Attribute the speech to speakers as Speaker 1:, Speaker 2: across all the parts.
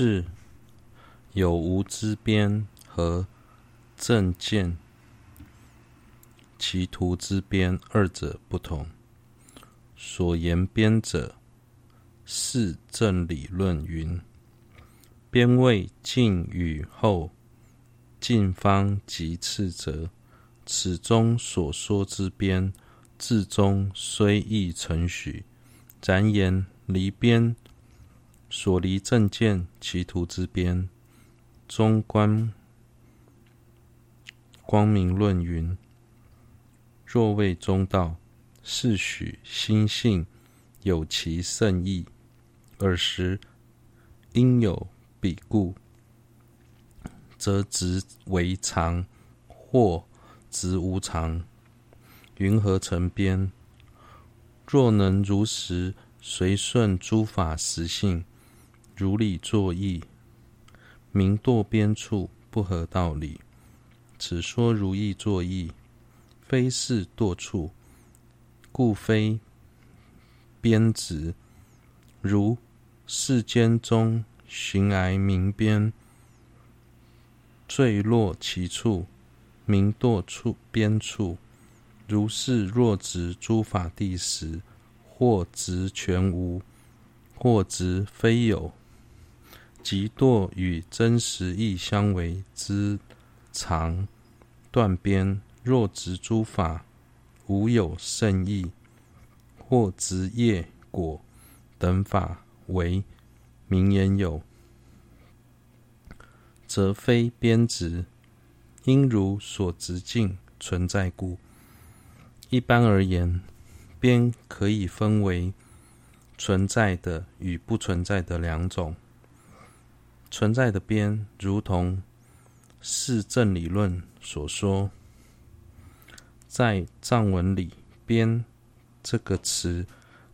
Speaker 1: 是有無之邊和正見歧途之邊，二者不同。所言邊者，釋正理論云：邊謂盡與後，近方及斥責。此中所說之邊，自宗雖亦承許，然言離邊。所離正見歧途之邊。中觀光明論云：若謂中道，是許心性有其勝義，爾時因有彼故，則執為常，或執無常，云何成邊？若能如實隨順諸法實性。如理作意，名墮邊處，不合道理。此說如義作意，非是墮處，故非邊執。如世間中懸崖名邊，墜落其處，名墮處邊處。如是若執諸法諦實，或執全無，或執非有。即墮與真實義相違之常斷邊，若執諸法無有勝義，或執業果等法為名言有，則非邊執，因如所執境存在故。一般而言，邊可以分為存在的與不存在的兩種。存在的邊，如同釋正理論所說，在藏文裡“邊”這個詞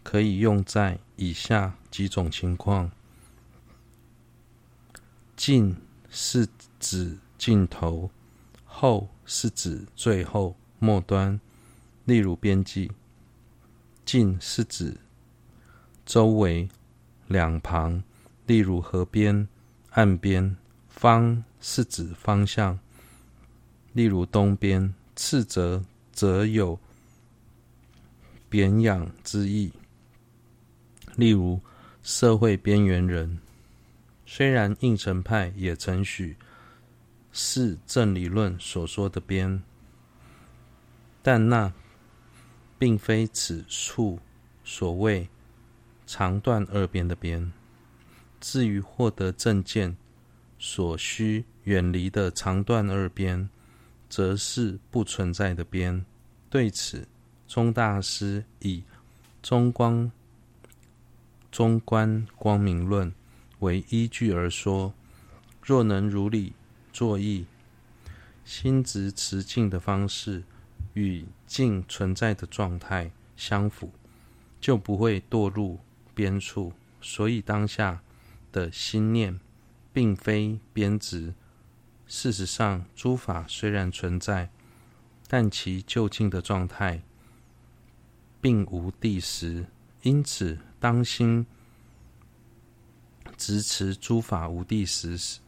Speaker 1: 可以用在以下幾種情況：盡是指盡頭，後是指最後末端，例如邊際；近是指周圍、兩旁，例如河邊。岸邊，方是指方向，例如東邊。斥責則有貶抑之意，例如社會邊緣人。雖然應成派也承許釋正理論所說的邊，但那並非此處所謂常斷二邊的邊。至於獲得正見所需遠離的常斷二邊，則是不存在的邊。對此，宗大師以中光中觀光明論為依據而說：若能如理作意，心執持境的方式與境存在的狀態相符，就不會墮入邊處。所以當下，的心念，並非邊執。事實上，諸法雖然存在，但其究竟的狀態，並無諦實。因此，當心執持諸法無諦實，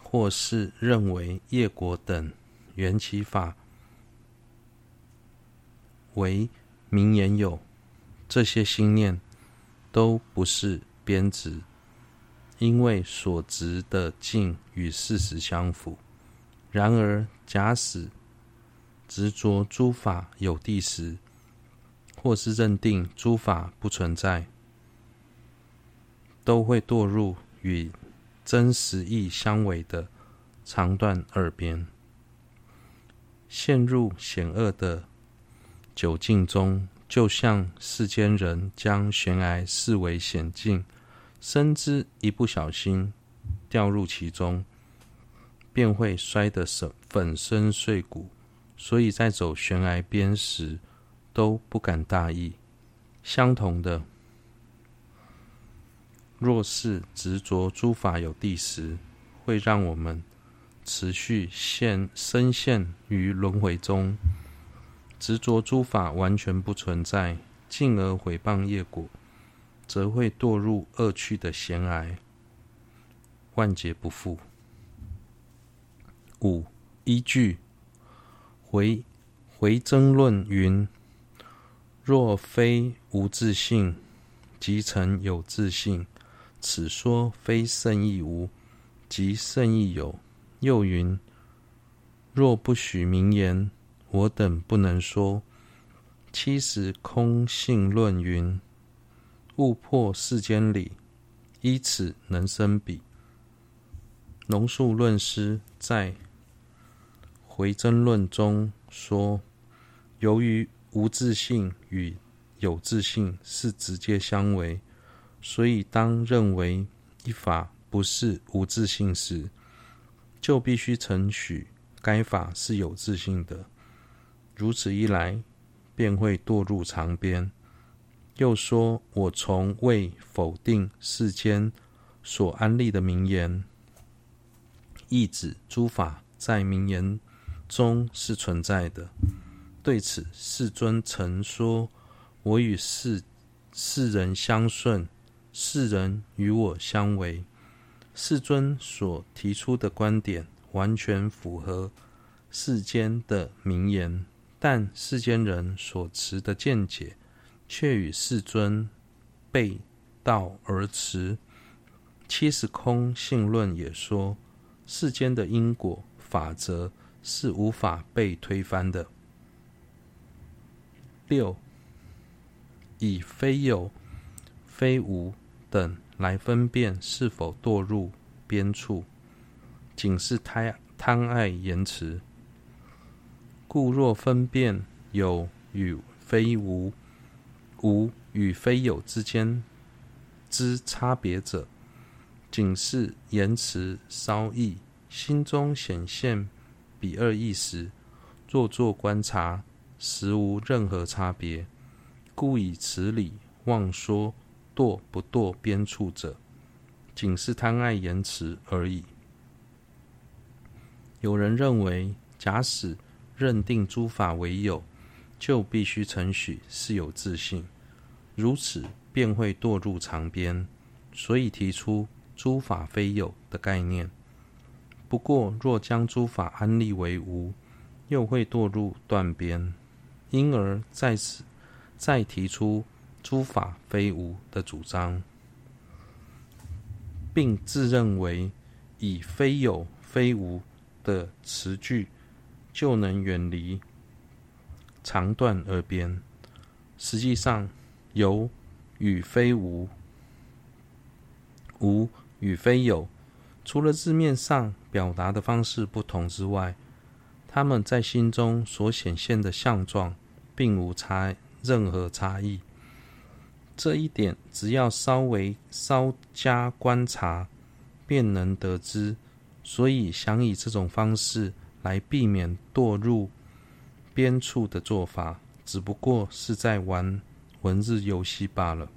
Speaker 1: 或是認為業果等緣起法為名言有，這些心念都不是邊執。因為所執的境與事實相符，然而假使執着諸法有諦實，或是認定諸法不存在，都會墮入與真實義相違的常斷二邊，陷入險惡的窘境中，就像世間人將懸崖視為險境，深知一不小心掉入其中，便會摔得粉身碎骨，所以在走懸崖邊時都不敢大意。相同的，若是執着諸法有諦實，會讓我們持續陷深陷於輪迴中，執着諸法完全不存在，進而毀謗業果。則會墮入惡趣的險崖，萬劫不復。五、依據。回回諍論云：若非無自性，即成有自性；此說非勝義無，即勝義有。又云：若不許名言，我等不能說。七十空性論云。勿破世間理，依此能生彼。龍樹論師在《迴諍論》中說：“由於無自性與有自性是直接相違，所以當認為一法不是無自性時，就必須承許該法是有自性的。如此一來，便會墮入常邊。”又說：“我從未否定世間所安立的名言，意指諸法在名言中是存在的。對此，世尊曾說：‘我與世世人相順，世人與我相違。’世尊所提出的觀點完全符合世間的名言，但世間人所持的見解。”卻與世尊背道而馳。七十空性論也說，世間的因果法則是無法被推翻的。六、以非有、非無等來分辨是否墮入邊處，僅是貪貪愛言辭。故若分辨有與非無。無與非有之間之差別者，僅是言辭稍異；心中顯現彼二義時，若作觀察，實無任何差別。故以此理妄說墮不墮邊處者，僅是貪愛言辭而已。有人認為，假使認定諸法為有。就必須承許是有自性，如此便會墮入常邊，所以提出諸法非有的概念。不過，若將諸法安立為無，又會墮入斷邊，因而在此再提出諸法非無的主張，並自認為以非有非無的詞句就能遠離常斷二邊，實際上有與非無，無與非有，除了字面上表達的方式不同之外，他們在心中所顯現的相狀並無差任何差異。這一點只要稍微稍加觀察便能得知，所以想以這種方式來避免墮入。邊處的做法，只不過是在玩文字遊戲罷了。